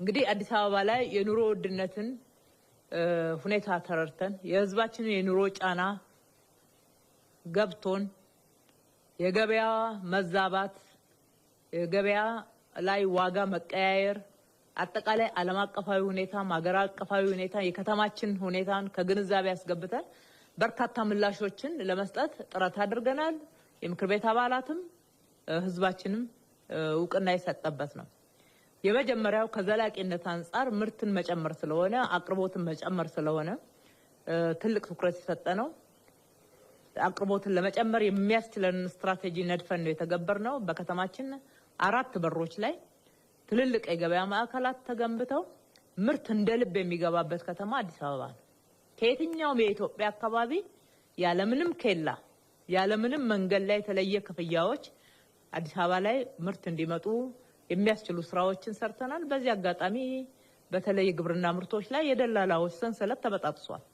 እንግዲህ አዲስ አበባ ላይ የኑሮ ውድነትን ሁኔታ ተረድተን የህዝባችንን የኑሮ ጫና ገብቶን የገበያ መዛባት፣ የገበያ ላይ ዋጋ መቀያየር፣ አጠቃላይ ዓለም አቀፋዊ ሁኔታም ሀገር አቀፋዊ ሁኔታ የከተማችን ሁኔታን ከግንዛቤ ያስገብተን በርካታ ምላሾችን ለመስጠት ጥረት አድርገናል። የምክር ቤት አባላትም ህዝባችንም እውቅና የሰጠበት ነው። የመጀመሪያው ከዘላቂነት አንጻር ምርትን መጨመር ስለሆነ አቅርቦትን መጨመር ስለሆነ ትልቅ ትኩረት የሰጠ ነው። አቅርቦትን ለመጨመር የሚያስችለን ስትራቴጂ ነድፈን ነው የተገበር ነው። በከተማችን አራት በሮች ላይ ትልልቅ የገበያ ማዕከላት ተገንብተው ምርት እንደ ልብ የሚገባበት ከተማ አዲስ አበባ ነው። ከየትኛውም የኢትዮጵያ አካባቢ ያለምንም ኬላ ያለምንም መንገድ ላይ የተለየ ክፍያዎች አዲስ አበባ ላይ ምርት እንዲመጡ የሚያስችሉ ስራዎችን ሰርተናል። በዚህ አጋጣሚ በተለይ የግብርና ምርቶች ላይ የደላላዎች ሰንሰለት ተበጣጥሷል።